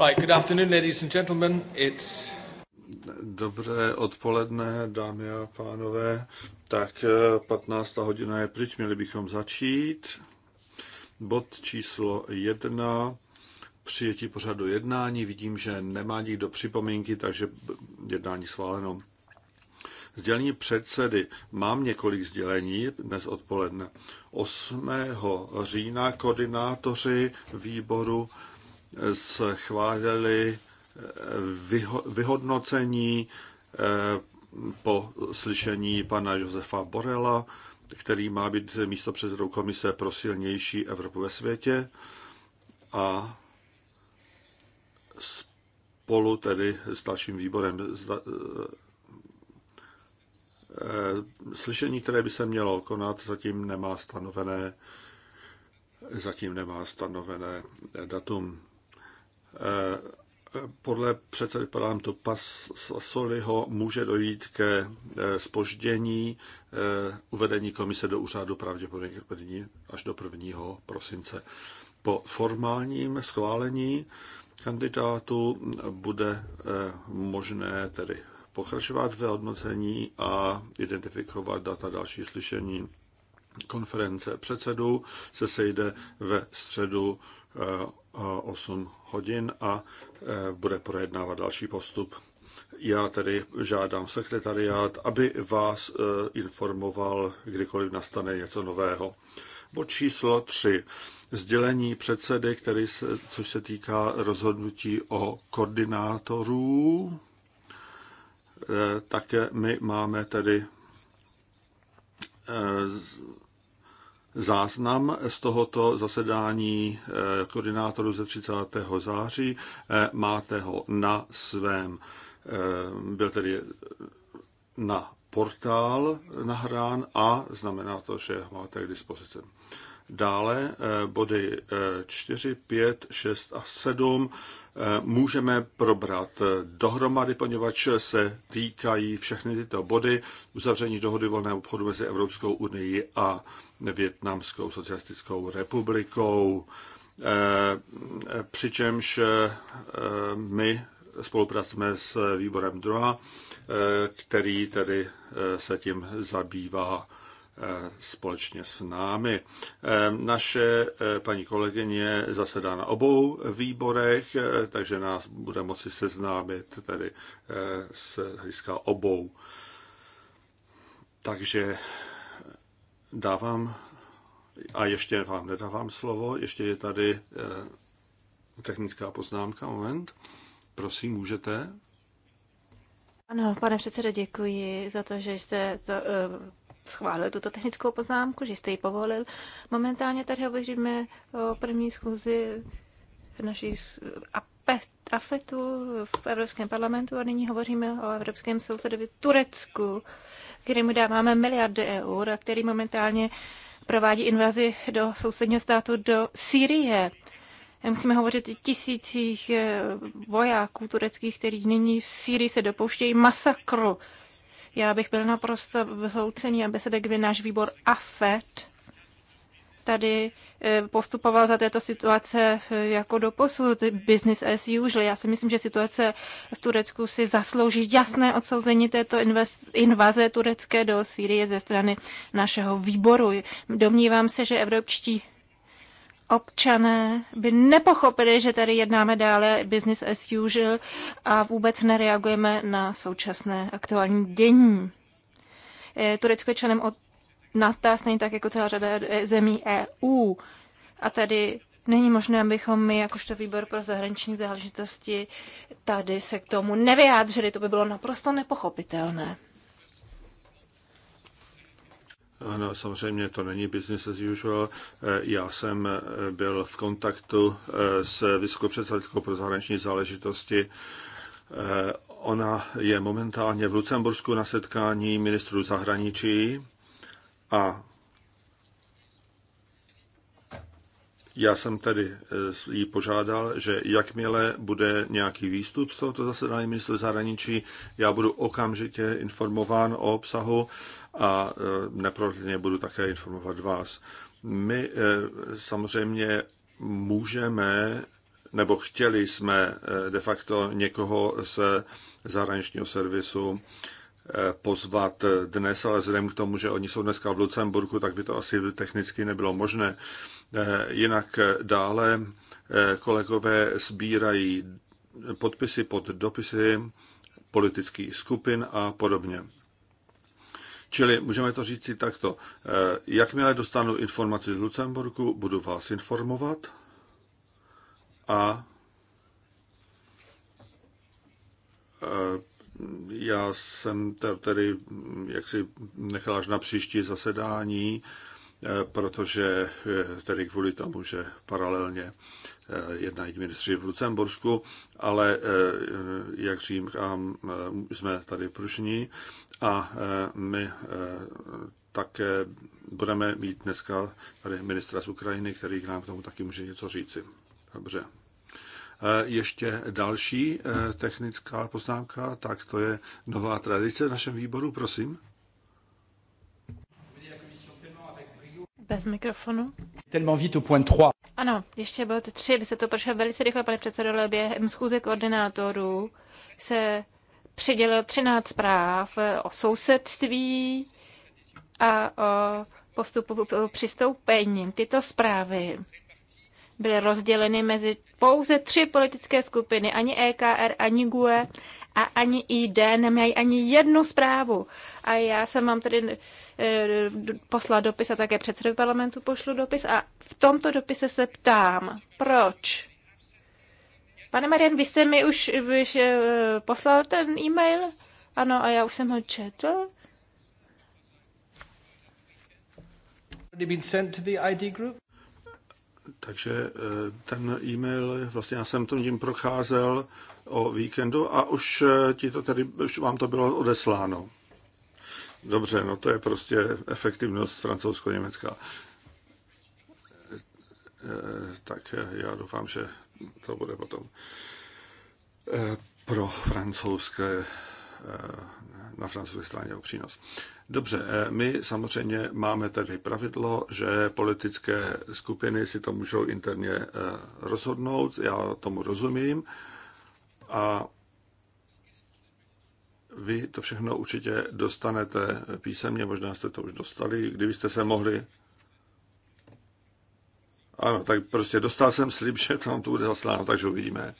Right, good afternoon, ladies and gentlemen. It's... Dobré odpoledne, dámy a pánové. Tak 15. Eh, hodina je pryč, měli bychom začít. Bod číslo 1, přijetí pořadu jednání. Vidím, že nemá nikdo připomínky, takže jednání schváleno. Sdělení předsedy. Mám několik sdělení dnes odpoledne. 8. října koordinátoři výboru schválili eh, vyhodnocení eh, po slyšení pana Josefa Borela, který má být místo předsedou komise pro silnější Evropu ve světě a spolu tedy s dalším výborem eh, slyšení, které by se mělo konat, zatím nemá stanovené zatím nemá stanovené datum. Eh, podle předsedy parlamentu Pasoliho může dojít ke spoždění eh, eh, uvedení komise do úřadu pravděpodobně až do 1. prosince. Po formálním schválení kandidátu bude možné tedy pokračovat ve hodnocení a identifikovat data další slyšení. Konference předsedů se sejde ve středu 8 eh, eh, hodin a eh, bude projednávat další postup. Já tedy žádám sekretariát, aby vás informoval, kdykoliv nastane něco nového. Bod číslo 3. Sdělení předsedy, který se, což se týká rozhodnutí o koordinátorů. Také my máme tedy záznam z tohoto zasedání eh, koordinátorů ze 30. září. Eh, máte ho na svém, eh, byl tedy na portál nahrán a znamená to, že máte k dispozici. Dále eh, body 4, 5, 6 a 7 eh, můžeme probrat eh, dohromady, poněvadž se týkají všechny tyto body uzavření dohody volného obchodu mezi Evropskou unii a Větnamskou socialistickou republikou. Přičemž my spolupracujeme s výborem DROA, který tedy se tím zabývá Eh, společně s námi. Eh, naše eh, paní kolegyně zasedá na obou výborech, takže nás bude moci seznámit tedy s hlediska obou. Takže dávám, a ještě vám nedávám slovo, ještě je tady technická poznámka, moment. Prosím, můžete? Ano, pane předsedo, děkuji za to, že jste to, schválil tuto technickou poznámku, že jste ji povolil. Momentálně tady hovoříme o první schůzi naší AFETu v Evropském parlamentu a nyní hovoříme o Evropském sousedovi Turecku, kterému dáváme miliardy eur a který momentálně provádí invazi do sousedního státu do Sýrie. Musíme hovořit o tisících eh, vojáků tureckých, kteří nyní v Sýrii se dopouštějí masakru. Já bych byl naprosto vzoucený, aby se kdyby náš výbor AFET tady e, postupoval za této situace e, jako do posud, business as usual. Já si myslím, že situace v Turecku si zaslouží jasné odsouzení této invaze turecké do Sýrie ze strany našeho výboru. Domnívám se, že evropští občané by nepochopili, že tady jednáme dále business as usual a vůbec nereagujeme na současné aktuální dění. Eh, Turecko je členem od NATO, stejně tak jako celá řada eh, zemí EU. A tady není možné, abychom my, jakožto výbor pro zahraniční záležitosti, tady se k tomu nevyjádřili. To by bylo naprosto nepochopitelné. Ano, samozřejmě to není business as usual. E, já jsem e, byl v kontaktu e, s vysokopředstavitelkou pro zahraniční záležitosti. Ona je momentálně v Lucembursku na setkání ministrů zahraničí a Já jsem tedy jí požádal, že jakmile bude nějaký výstup z tohoto zasedání ministrů zahraničí, já budu okamžitě informován o obsahu a e, neprodleně budu také informovat vás. My e, samozřejmě můžeme nebo chtěli jsme e, de facto někoho se zahraničního servisu pozvat dnes, ale vzhledem k tomu, že oni jsou dneska v Lucemburku, tak by to asi technicky nebylo možné. Jinak dále kolegové sbírají podpisy pod dopisy politických skupin a podobně. Čili můžeme to říct si takto. Eh, jakmile dostanu informaci z Lucemburku, budu vás informovat a eh, já jsem tedy, hm, jak si nechal až na příští zasedání, Eh, protože eh, tedy kvůli tomu, že paralelně eh, jednají ministři v Lucembursku, ale jak říkám, jsme tady pružní a my také budeme mít dneska tady ministra z Ukrajiny, který k nám k tomu taky může něco říci. Dobře. Ještě další technická poznámka, tak to je nová tradice v našem výboru, prosím. bez mikrofonu. Tellement vite au point 3. Ano, ještě bod tři, by se to prošlo velice rychle, pane předsedo, ale během schůze koordinátorů se přidělil 13 zpráv o sousedství a o postupu přistoupení. Tyto zprávy byly rozděleny mezi pouze tři politické skupiny, ani EKR, ani GUE, a ani ID nemají ani jednu zprávu. A já jsem vám tedy eh, poslal dopis a také předsedovi parlamentu pošlu dopis a v tomto dopise se ptám, proč? Pane Marian, vy jste mi už, už eh, poslal ten e-mail? Ano, a já už jsem ho četl. Takže eh, ten e-mail, vlastně já jsem to tím procházel, o víkendu a už, eh, ti to tady, už vám to bylo odesláno. Dobře, no to je prostě efektivnost francouzsko-německá. Eh, eh, tak já doufám, že to bude potom pro francouzské na francouzské straně o přínos. Dobře, my samozřejmě máme tady pravidlo, že politické skupiny si to můžou interně rozhodnout, já tomu rozumím, a vy to všechno určitě dostanete písemně, možná jste to už dostali, kdybyste se mohli. Ano, tak prostě dostal jsem slib, že tam to bude zasláno, takže uvidíme.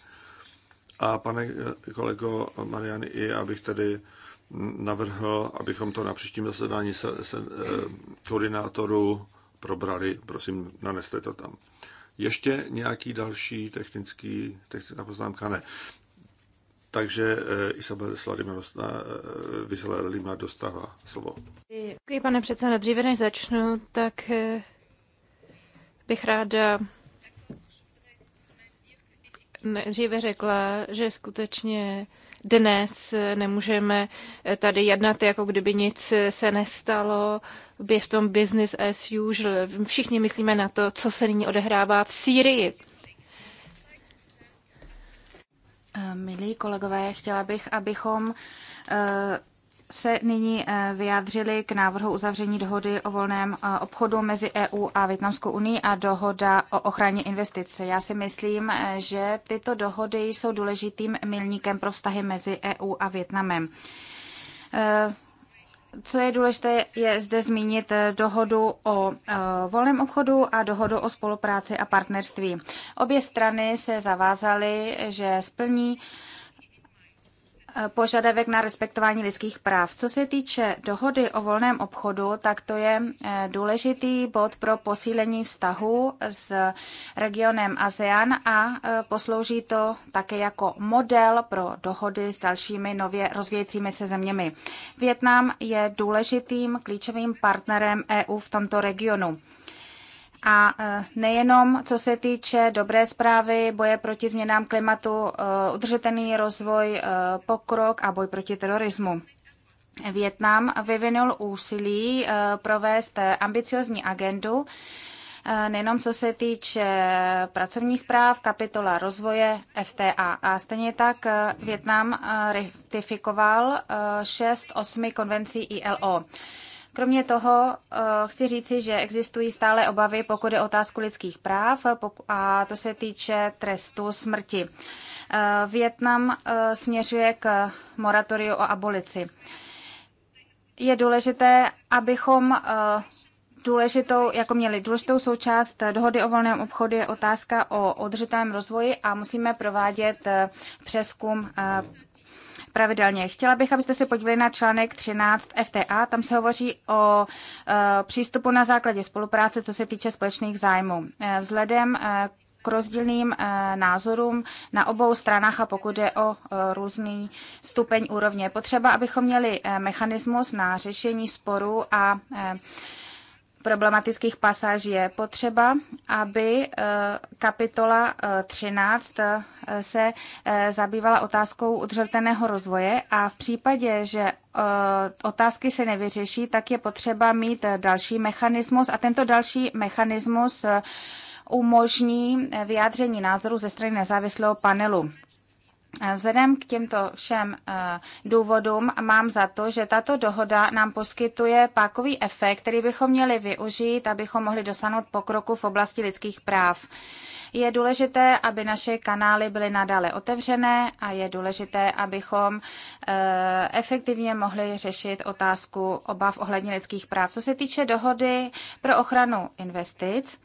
A pane eh, kolego Mariany, i abych tedy navrhl, abychom to na příštím zasedání se, se, eh, koordinátoru probrali, prosím, naneste to tam. Ještě nějaký další technický, technická poznámka? Ne. Takže eh, Isabel eh, Lima dostává slovo. Děkuji, pane předseda. Dříve než začnu, tak eh, bych ráda dříve řekla, že skutečně dnes nemůžeme tady jednat, jako kdyby nic se nestalo, by v tom business as usual. Všichni myslíme na to, co se nyní odehrává v Sýrii. Milí kolegové, chtěla bych, abychom eh, se nyní eh, vyjádřili k návrhu uzavření dohody o volném eh, obchodu mezi EU a Větnamskou unii a dohoda o ochraně investice. Já si myslím, že tyto dohody jsou důležitým milníkem pro vztahy mezi EU a Větnamem. Co je důležité, je zde zmínit eh, dohodu o eh, volném obchodu a dohodu o spolupráci a partnerství. Obě strany se zavázaly, že splní Eh, požadavek na respektování lidských práv. Co se týče dohody o volném obchodu, tak to je eh, důležitý bod pro posílení vztahu s regionem ASEAN a eh, poslouží to také jako model pro dohody s dalšími nově rozvíjejícími se zeměmi. Větnam je důležitým klíčovým partnerem EU v tomto regionu. A e, nejenom co se týče dobré zprávy, boje proti změnám klimatu, e, udržitelný rozvoj, e, pokrok a boj proti terorismu. Větnam vyvinul úsilí provést ambiciozní agendu, nejenom co se týče pracovních práv, kapitola rozvoje FTA. A stejně tak Větnam ratifikoval šest osmi konvencí ILO. Kromě toho eh, chci říci, že existují stále obavy, pokud je otázku lidských práv a to se týče trestu smrti. Eh, Větnam eh, směřuje k moratoriu o abolici. Je důležité, abychom důležitou, jako měli důležitou součást dohody o volném obchodu je otázka o održitém rozvoji a musíme provádět přeskum pravidelně. Chtěla bych, abyste se podívali na článek 13 FTA. Tam se hovoří o e, přístupu na základě spolupráce, co se týče společných zájmů. E, vzhledem e, k rozdílným názorům na obou stranách a pokud je o různý stupeň úrovně. Potřeba, abychom měli mechanismus na řešení sporů a problematických pasáží je potřeba, aby eh, kapitola 13 eh, eh, se zabývala otázkou udržitelného rozvoje a v případě, že otázky se nevyřeší, tak je potřeba mít další mechanismus a tento další mechanismus umožní vyjádření názoru ze strany nezávislého panelu. Vzhledem k těmto všem eh, důvodům mám za to, že tato dohoda nám poskytuje pákový efekt, který bychom měli využít, abychom mohli dosáhnout pokroku v oblasti lidských práv. Je důležité, aby naše kanály byly nadále otevřené a je důležité, abychom eh, efektivně mohli řešit otázku obav ohledně lidských práv. Co se týče dohody pro ochranu investic,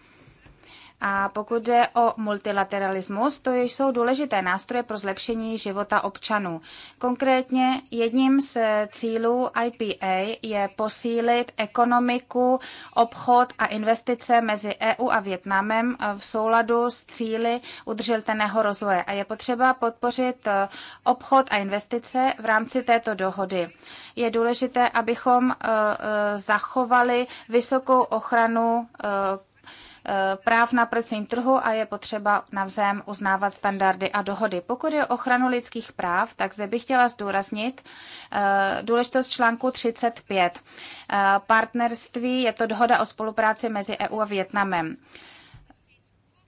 a pokud jde o multilateralismus, to jsou důležité nástroje pro zlepšení života občanů. Konkrétně jedním z cílů IPA je posílit ekonomiku, obchod a investice mezi EU a Větnamem v souladu s cíly udržitelného rozvoje. A je potřeba podpořit eh, obchod a investice v rámci této dohody. Je důležité, abychom eh, eh, zachovali vysokou ochranu práv na pracovním trhu a je potřeba navzájem uznávat standardy a dohody. Pokud je ochranu lidských práv, tak zde bych chtěla zdůraznit eh, důležitost článku 35. Eh, partnerství je to dohoda o spolupráci mezi EU a Větnamem.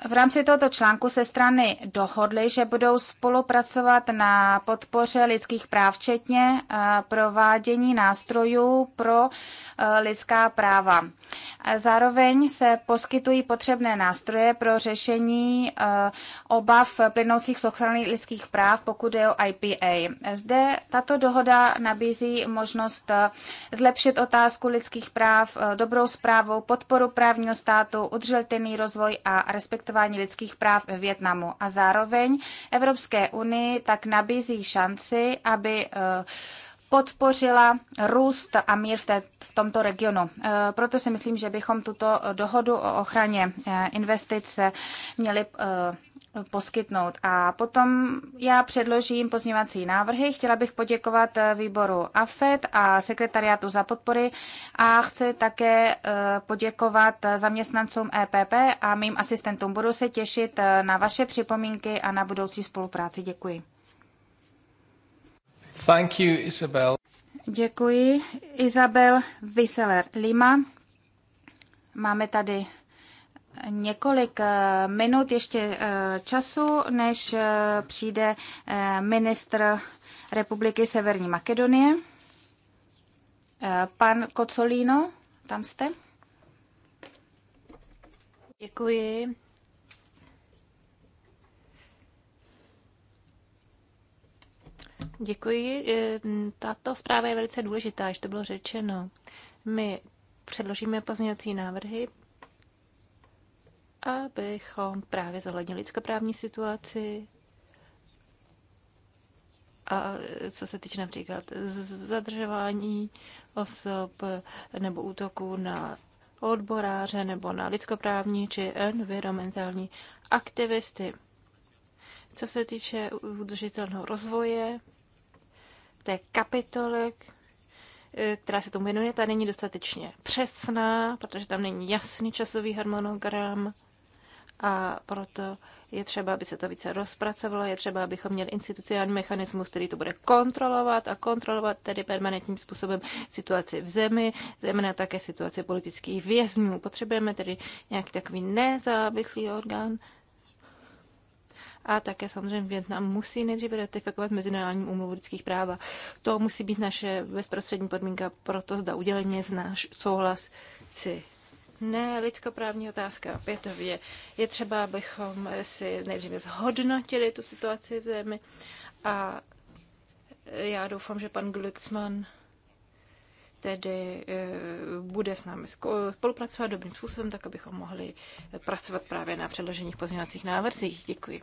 V rámci tohoto článku se strany dohodly, že budou spolupracovat na podpoře lidských práv, včetně eh, provádění nástrojů pro eh, lidská práva. Zároveň se poskytují potřebné nástroje pro řešení eh, obav plynoucích z ochrany lidských práv, pokud je o IPA. Zde tato dohoda nabízí možnost zlepšit otázku lidských práv dobrou zprávou, podporu právního státu, udržitelný rozvoj a respekt respektování lidských práv ve Větnamu. A zároveň Evropské unii tak nabízí šanci, aby eh, podpořila růst a mír v, té, v tomto regionu. Eh, proto si myslím, že bychom tuto eh, dohodu o ochraně investice měli poskytnout. A potom já předložím pozměňovací návrhy. Chtěla bych poděkovat eh, výboru AFED a sekretariátu za podpory a chci také eh, poděkovat eh, zaměstnancům EPP a mým asistentům. Budu se těšit na vaše připomínky a na budoucí spolupráci. Děkuji. Thank you, Isabel. Děkuji. Isabel Viseler. Lima. Máme tady několik eh, minut ještě eh, času, než eh, přijde ministr Republiky Severní Makedonie. Pan Kocolíno, tam jste? Děkuji. Děkuji. Tato zpráva je velice důležitá, až to bylo řečeno. My předložíme pozměňovací návrhy, abychom právě zohlednili lidskoprávní situaci a co se týče například zadržování osob nebo útoků na odboráře nebo na lidskoprávní či environmentální aktivisty. Co se týče udržitelného rozvoje, té kapitoly, eh, která se tomu věnuje, ta není dostatečně přesná, protože tam není jasný časový harmonogram a proto je třeba, aby se to více rozpracovalo, je třeba, abychom měli institucionální mechanismus, který to bude kontrolovat a kontrolovat tedy permanentním způsobem situaci v zemi, zejména také situaci politických vězňů. Potřebujeme tedy nějaký takový nezávislý orgán. A také samozřejmě Větnam musí nejdříve ratifikovat Mezinárodní úmluvu lidských práv. To musí být naše bezprostřední podmínka pro to, zda udělení znáš souhlas si ne, lidskoprávní otázka opětově. Je třeba, abychom si nejdříve zhodnotili tu situaci v zemi a já doufám, že pan Glucksmann tedy eh, bude s námi spolupracovat dobrým způsobem, tak abychom mohli pracovat právě na předložených pozměňovacích návrzích. Děkuji.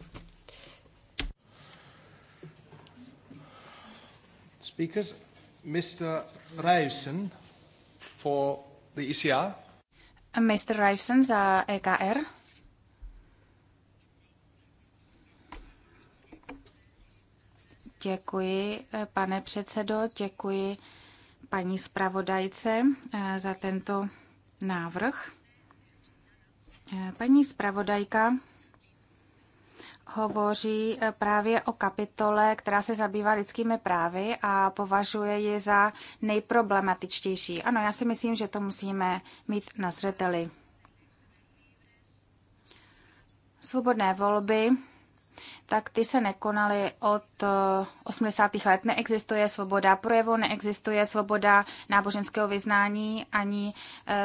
Speakers, Mr. Reisen for the ECR. Mr. Rifson za EKR. Děkuji, eh, pane předsedo, děkuji paní zpravodajce eh, za tento návrh. Eh, paní zpravodajka hovoří eh, právě o kapitole, která se zabývá lidskými právy a považuje ji za nejproblematičtější. Ano, já si myslím, že to musíme mít na zřeteli. Svobodné volby tak ty se nekonaly od 80. Eh, let. Neexistuje svoboda projevu, neexistuje svoboda náboženského vyznání ani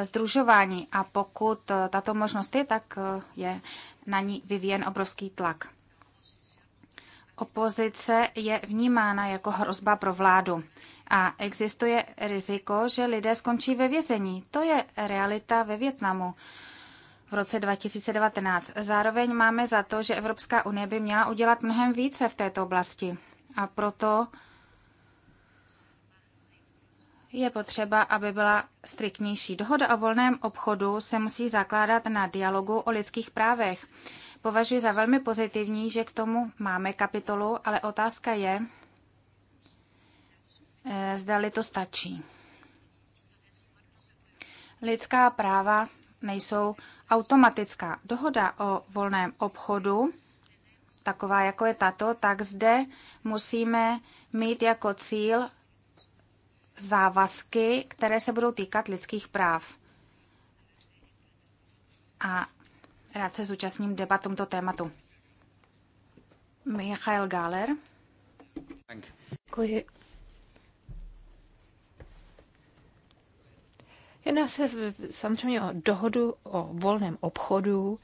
združování. Eh, a pokud eh, tato možnost je, tak je na ní vyvíjen obrovský tlak. Opozice je vnímána jako hrozba pro vládu a existuje riziko, že lidé skončí ve vězení. To je realita ve Větnamu v roce 2019. Zároveň máme za to, že Evropská unie by měla udělat mnohem více v této oblasti. A proto je potřeba, aby byla striktnější. Dohoda o volném obchodu se musí zakládat na dialogu o lidských právech. Považuji za velmi pozitivní, že k tomu máme kapitolu, ale otázka je, eh, zdali to stačí. Lidská práva nejsou automatická dohoda o volném obchodu, taková jako je tato, tak zde musíme mít jako cíl závazky, které se budou týkat lidských práv. A rád se zúčastním debat tomto tématu. Michael Gáler. Děkuji. Jedná se samozřejmě o dohodu o volném obchodu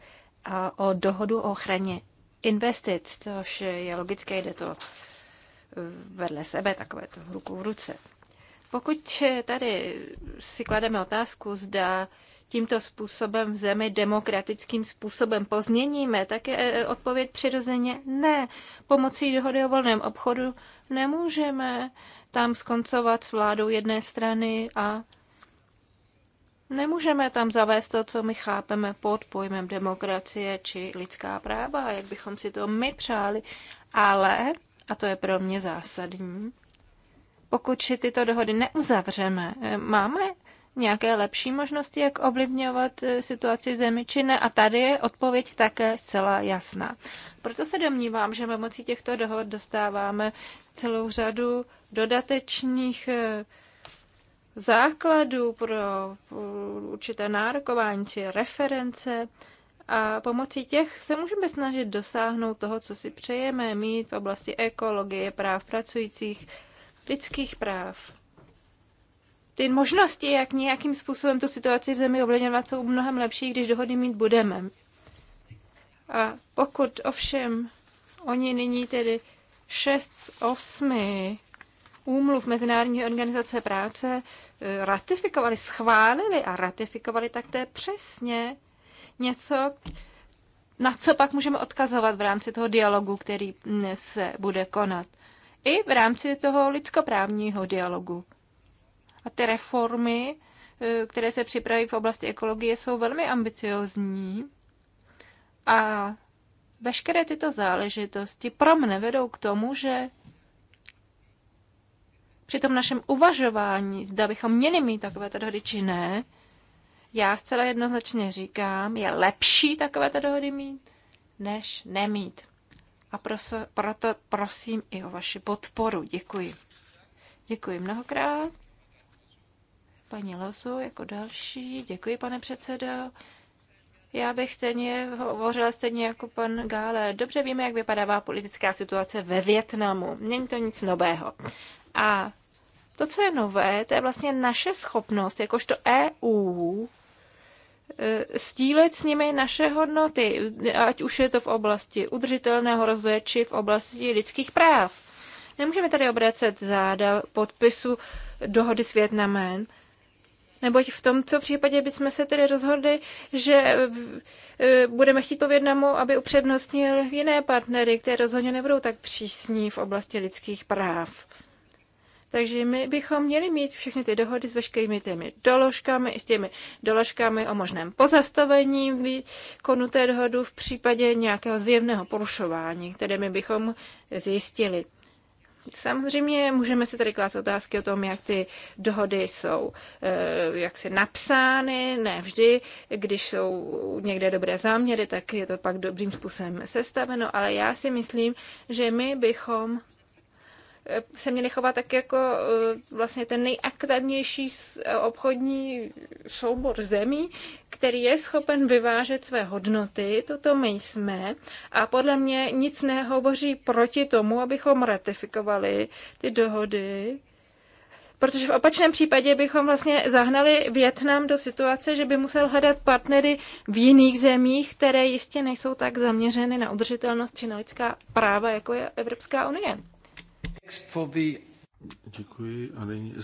a o dohodu o ochraně investic, což je logické, jde to eh, vedle sebe, takové to ruku v ruce. Pokud tady si klademe otázku, zda tímto způsobem v zemi demokratickým způsobem pozměníme, tak je eh, odpověď přirozeně ne. Pomocí dohody o volném obchodu nemůžeme tam skoncovat s vládou jedné strany a Nemůžeme tam zavést to, co my chápeme pod pojmem demokracie či lidská práva, jak bychom si to my přáli, ale, a to je pro mě zásadní, pokud si tyto dohody neuzavřeme, eh, máme nějaké lepší možnosti, jak ovlivňovat eh, situaci v zemi či ne. A tady je odpověď také zcela jasná. Proto se domnívám, že pomocí těchto dohod dostáváme celou řadu dodatečných eh, základů pro určité nárokování či reference a pomocí těch se můžeme snažit dosáhnout toho, co si přejeme mít v oblasti ekologie, práv pracujících, lidských práv. Ty možnosti, jak nějakým způsobem tu situaci v zemi ovlivňovat, jsou mnohem lepší, když dohody mít budeme. A pokud ovšem oni nyní tedy 6 z 8 úmluv Mezinárodní organizace práce E, ratifikovali, schválili a ratifikovali, tak to je přesně něco, na co pak můžeme odkazovat v rámci toho dialogu, který se bude konat. I v rámci toho lidskoprávního dialogu. A ty reformy, e, které se připraví v oblasti ekologie, jsou velmi ambiciozní. A veškeré tyto záležitosti pro mne vedou k tomu, že při tom našem uvažování, zda bychom měli mít takovéto dohody či ne, já zcela jednoznačně říkám, je lepší takovéto dohody mít, než nemít. A proso, proto prosím i o vaši podporu. Děkuji. Děkuji mnohokrát. Paní Lozu jako další. Děkuji, pane předsedo. Já bych stejně hovořila stejně jako pan Gále. Dobře víme, jak vypadává politická situace ve Větnamu. Není to nic nového. A to, co je nové, to je vlastně naše schopnost, jakožto EU, eh, stílet s nimi naše hodnoty, ať už je to v oblasti udržitelného rozvoje či v oblasti lidských práv. Nemůžeme tady obracet záda podpisu dohody s Větnamem, neboť v tomto případě bychom se tedy rozhodli, že eh, budeme chtít po Větnamu, aby upřednostnil jiné partnery, které rozhodně nebudou tak přísní v oblasti lidských práv. Takže my bychom měli mít všechny ty dohody s veškerými těmi doložkami, i s těmi doložkami o možném pozastavení výkonu té dohodu v případě nějakého zjevného porušování, které my bychom zjistili. Samozřejmě můžeme si tady klást otázky o tom, jak ty dohody jsou eh, jak si napsány, ne vždy, když jsou někde dobré záměry, tak je to pak dobrým způsobem sestaveno, ale já si myslím, že my bychom Eh, se měli chovat tak jako eh, vlastně ten nejaktivnější eh, obchodní soubor zemí, který je schopen vyvážet své hodnoty, toto my jsme, a podle mě nic nehovoří proti tomu, abychom ratifikovali ty dohody, protože v opačném případě bychom vlastně zahnali Větnam do situace, že by musel hledat partnery v jiných zemích, které jistě nejsou tak zaměřeny na udržitelnost či na lidská práva, jako je Evropská unie. Děkuji a nyní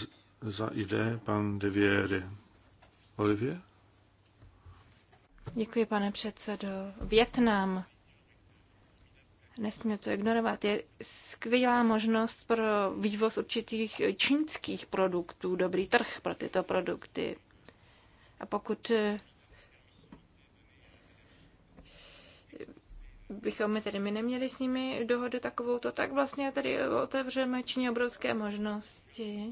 za ID pan Devěry. Olivier? Děkuji, pane předsedo. Větnam. Nesmíme to ignorovat. Je skvělá možnost pro vývoz určitých čínských produktů, dobrý trh pro tyto produkty. A pokud eh, bychom tedy my neměli s nimi dohodu takovou, to tak vlastně tady otevřeme činí obrovské možnosti.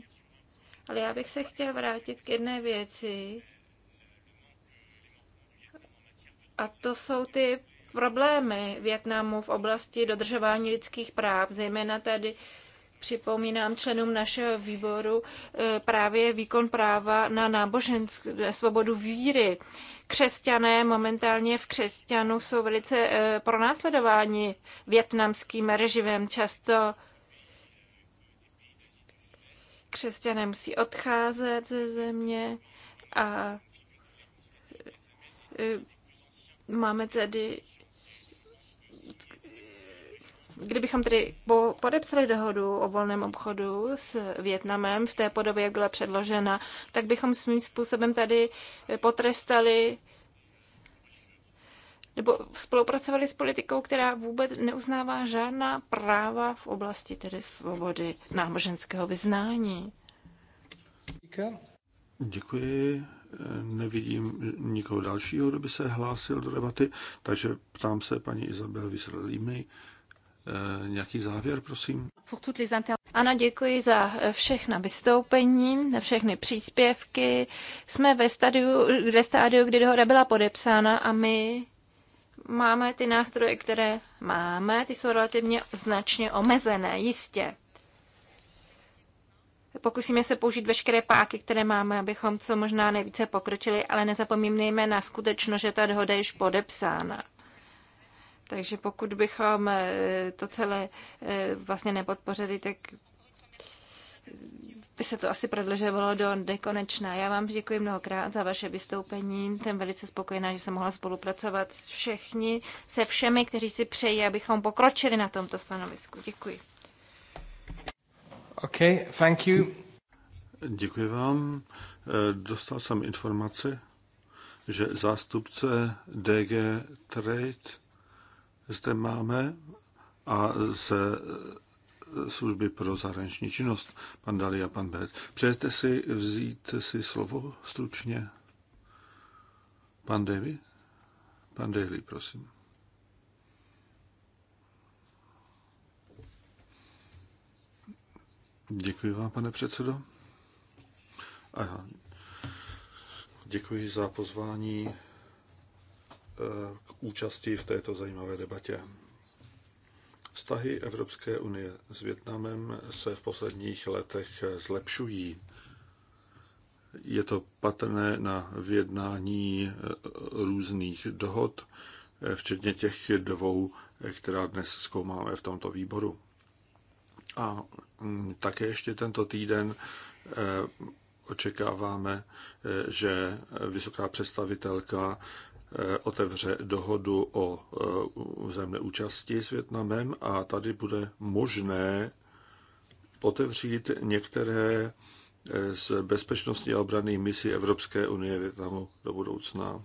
Ale já bych se chtěla vrátit k jedné věci. A to jsou ty problémy Větnamu v oblasti dodržování lidských práv, zejména tedy připomínám členům našeho výboru eh, právě výkon práva na náboženskou svobodu víry. Křesťané momentálně v křesťanu jsou velice eh, pronásledováni větnamským režimem. Často křesťané musí odcházet ze země a eh, máme tedy Kdybychom tedy podepsali dohodu o volném obchodu s Větnamem v té podobě, jak byla předložena, tak bychom svým způsobem tady potrestali nebo spolupracovali s politikou, která vůbec neuznává žádná práva v oblasti tedy svobody náboženského vyznání. Děkuji. Nevidím nikoho dalšího, kdo by se hlásil do debaty, takže ptám se paní Izabel Vysrlými, Eh, nějaký závěr, prosím? Ano, děkuji za eh, všechna vystoupení, za všechny příspěvky. Jsme ve stádiu, ve stádiu, kdy dohoda byla podepsána a my máme ty nástroje, které máme, ty jsou relativně značně omezené, jistě. Pokusíme se použít veškeré páky, které máme, abychom co možná nejvíce pokročili, ale nezapomínejme na skutečnost, že ta dohoda je již podepsána. Takže pokud bychom eh, to celé eh, vlastně nepodpořili, tak by se to asi prodlužovalo do nekonečna. Já vám děkuji mnohokrát za vaše vystoupení. Jsem velice spokojená, že jsem mohla spolupracovat s všichni, se všemi, kteří si přejí, abychom pokročili na tomto stanovisku. Děkuji. OK, thank you. Děkuji vám. Eh, dostal jsem informaci, že zástupce DG Trade zde máme a ze služby pro zahraniční činnost, pan Dali a pan Bert. Přejete si vzít si slovo stručně? Pan Davy? Pan Daly, prosím. Děkuji vám, pane předsedo. Aha. Děkuji za pozvání Eh, k účasti v této zajímavé debatě. Vztahy Evropské unie s Větnamem se v posledních letech zlepšují. Je to patrné na vyjednání eh, různých dohod, eh, včetně těch dvou, která dnes zkoumáme v tomto výboru. A mm, také ještě tento týden očekáváme, že vysoká představitelka Eh, otevře dohodu o eh, zemné účasti s Větnamem a tady bude možné otevřít některé eh, z bezpečnostní a obranných misí Evropské unie Větnamu do budoucna.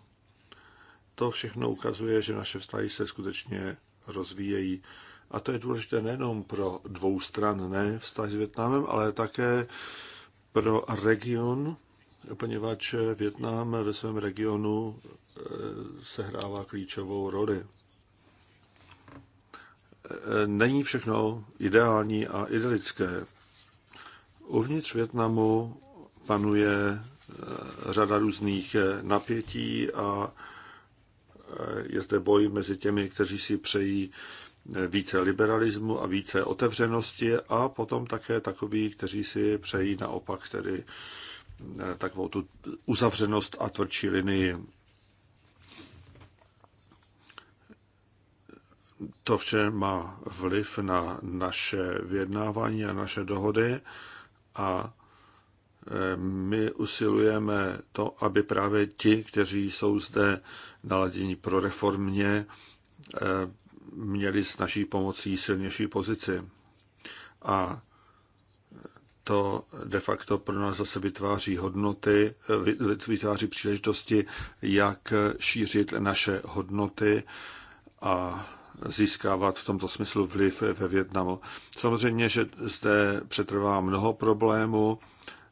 To všechno ukazuje, že naše vztahy se skutečně rozvíjejí. A to je důležité nejenom pro dvoustranné vztahy s Větnamem, ale také pro region, poněvadž Větnam ve svém regionu Eh, sehrává klíčovou roli. Eh, není všechno ideální a idylické. Uvnitř Větnamu panuje eh, řada různých napětí a je zde boj mezi těmi, kteří si přejí více liberalismu a více otevřenosti a potom také takoví, kteří si přejí naopak tedy takovou tu uzavřenost a tvrdší linii. To vše má vliv na naše vyjednávání a naše dohody a e, my usilujeme to, aby právě ti, kteří jsou zde naladěni pro reformě, e, měli s naší pomocí silnější pozici. A to de facto pro nás zase vytváří hodnoty, vytváří příležitosti, jak šířit naše hodnoty a získávat v tomto smyslu vliv ve Větnamu. Samozřejmě, že zde přetrvá mnoho problémů.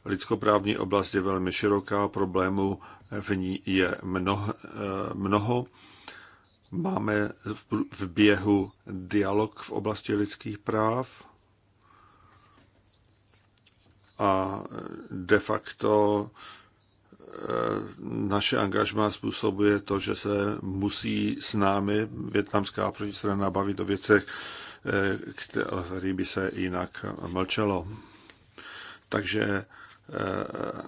Lidskoprávní oblast je velmi široká, problémů v ní je mnoho. mnoho. Máme v běhu dialog v oblasti lidských práv a de facto naše angažma způsobuje to, že se musí s námi větnamská protistrana bavit o věcech, které by se jinak mlčelo. Takže eh,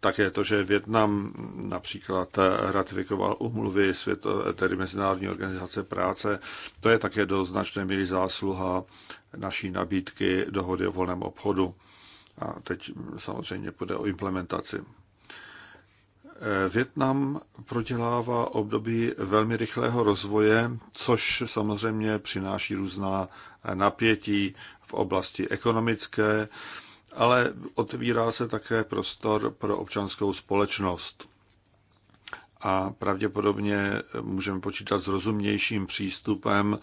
také to, že Větnam například ratifikoval umluvy svět, tedy Mezinárodní organizace práce, to je také do značné míry zásluha naší nabídky dohody o volném obchodu. A teď samozřejmě půjde o implementaci. Větnam prodělává období velmi rychlého rozvoje, což samozřejmě přináší různá napětí v oblasti ekonomické, ale otvírá se také prostor pro občanskou společnost. A pravděpodobně můžeme počítat s rozumnějším přístupem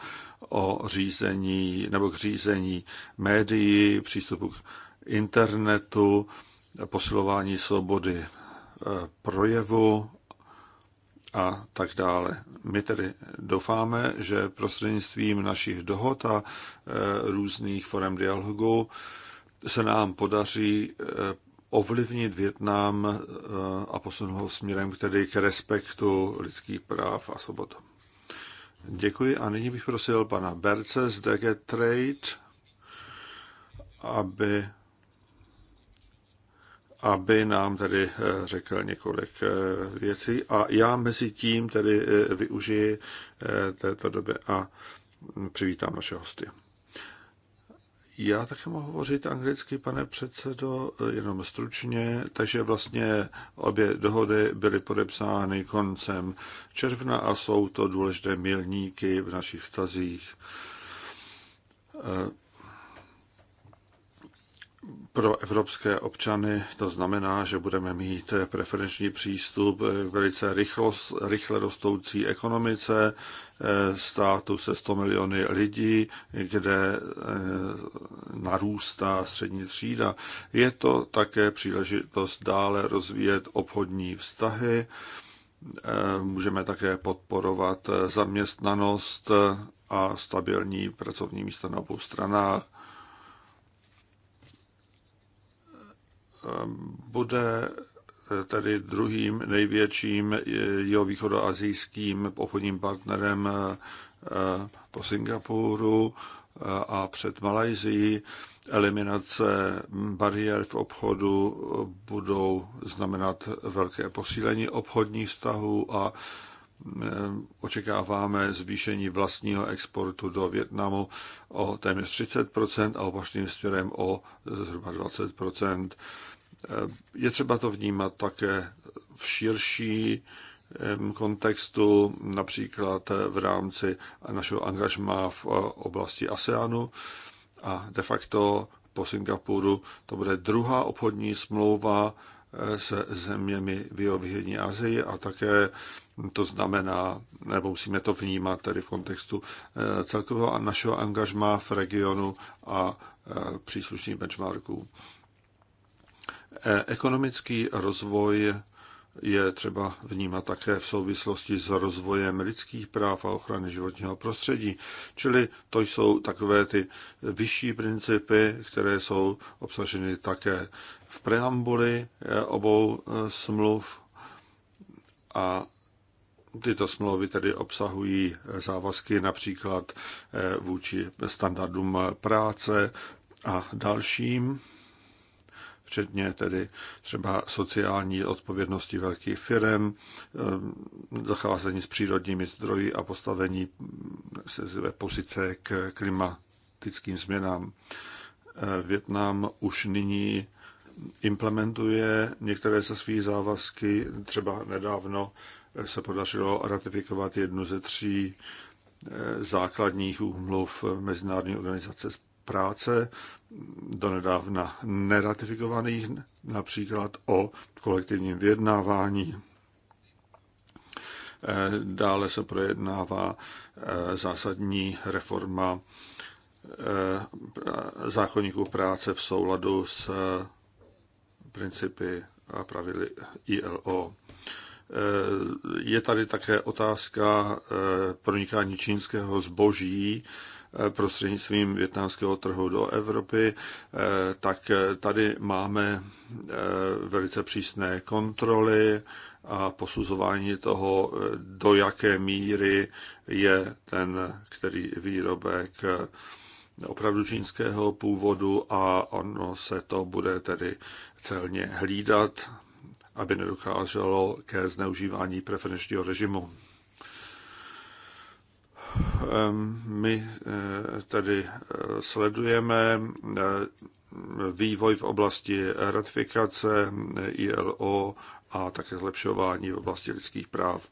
o řízení nebo k řízení médií, přístupu k internetu, posilování svobody Eh, projevu a tak dále. My tedy doufáme, že prostřednictvím našich dohod a eh, různých forem dialogu se nám podaří eh, ovlivnit Větnam a posunout ho směrem tedy k respektu lidských práv a svobod. Děkuji a nyní bych prosil pana Berce z DG Trade, aby aby nám tedy eh, řekl několik eh, věcí a já mezi tím tedy eh, využiji této doby a mm, přivítám naše hosty. Já také mohu hovořit anglicky, pane předsedo, jenom stručně. Takže vlastně obě dohody byly podepsány koncem června a jsou to důležité milníky v našich vztazích pro evropské občany to znamená, že budeme mít preferenční přístup k velice rychlost, rychle rostoucí ekonomice, eh, státu se 100 miliony lidí, kde eh, narůstá střední třída. Je to také příležitost dále rozvíjet obchodní vztahy, eh, můžeme také podporovat zaměstnanost a stabilní pracovní místa na obou stranách bude tedy druhým největším jeho východoazijským obchodním partnerem eh, po Singapuru eh, a před Malajzií. Eliminace bariér v obchodu budou znamenat velké posílení obchodních vztahů a Eh, očekáváme zvýšení vlastního exportu do Větnamu o téměř 30 a opačným směrem o zhruba 20 eh, Je třeba to vnímat také v širší eh, kontextu, například v rámci našeho angažmá v oblasti ASEANu a de facto po Singapuru to bude druhá obchodní smlouva se zeměmi v jihovýchodní Azii a také to znamená, nebo musíme to vnímat tedy v kontextu eh, celkového našeho angažma v regionu a eh, příslušných benchmarků. Eh, ekonomický rozvoj je třeba vnímat také v souvislosti s rozvojem lidských práv a ochrany životního prostředí. Čili to jsou takové ty vyšší principy, které jsou obsaženy také v preambuli eh, obou eh, smluv a Tyto smlouvy tedy obsahují závazky například eh, vůči standardům práce a dalším včetně tedy třeba sociální odpovědnosti velkých firm, eh, zacházení s přírodními zdroji a postavení eh, se pozice k klimatickým změnám. Eh, Větnam už nyní implementuje některé ze svých závazky. Třeba nedávno se podařilo ratifikovat jednu ze tří základních úmluv Mezinárodní organizace práce donedávna neratifikovaných, například o kolektivním vyjednávání. Dále se projednává eh, zásadní reforma eh, zákonníků práce v souladu s eh, principy a pravidly ILO. Je tady také otázka pronikání čínského zboží Eh, prostřednictvím větnamského trhu do Evropy, eh, tak eh, tady máme velice přísné kontroly a posuzování toho, do jaké míry je ten, který výrobek opravdu čínského původu a ono se to bude tedy celně hlídat, aby nedocházelo ke zneužívání preferenčního režimu. Ehm, my eh, tedy eh, sledujeme eh, vývoj v oblasti ratifikace ILO a také zlepšování v oblasti lidských práv.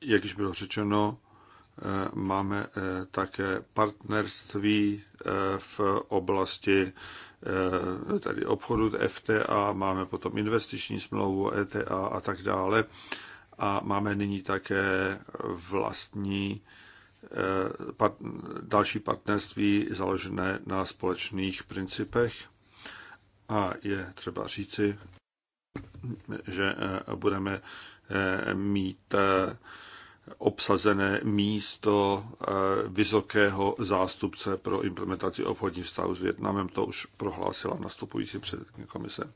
Jak již bylo řečeno, máme také partnerství v oblasti tady obchodu FTA, máme potom investiční smlouvu ETA a tak dále a máme nyní také vlastní eh, další partnerství založené na společných principech. A je třeba říci, že eh, budeme eh, mít obsazené místo vysokého zástupce pro implementaci obchodních vztahů s Větnamem. To už prohlásila nastupující předsedkyně komise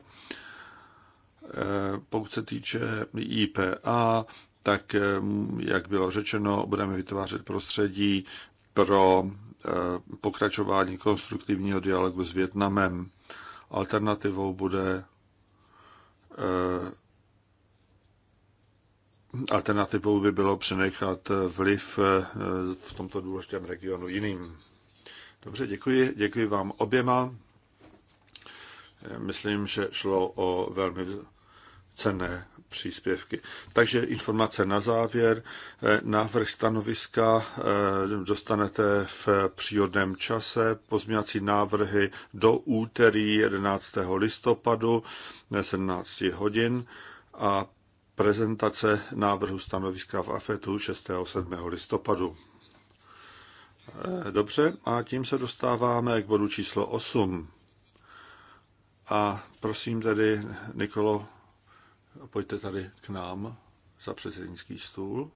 pokud se týče IPA, tak eh, jak bylo řečeno, budeme vytvářet prostředí pro eh, pokračování konstruktivního dialogu s Větnamem. Alternativou bude eh, alternativou by bylo přenechat vliv v tomto důležitém regionu jiným. Dobře, děkuji. Děkuji vám oběma. Myslím, že šlo o velmi cené příspěvky. Takže informace na závěr. Eh, návrh stanoviska eh, dostanete v příhodném čase. Pozměňovací návrhy do úterý 11. listopadu 17 hodin a prezentace návrhu stanoviska v AFETu 6. 7. listopadu. Eh, dobře, a tím se dostáváme k bodu číslo 8. A prosím tedy, Nikolo, pojďte tady k nám za předsednický stůl.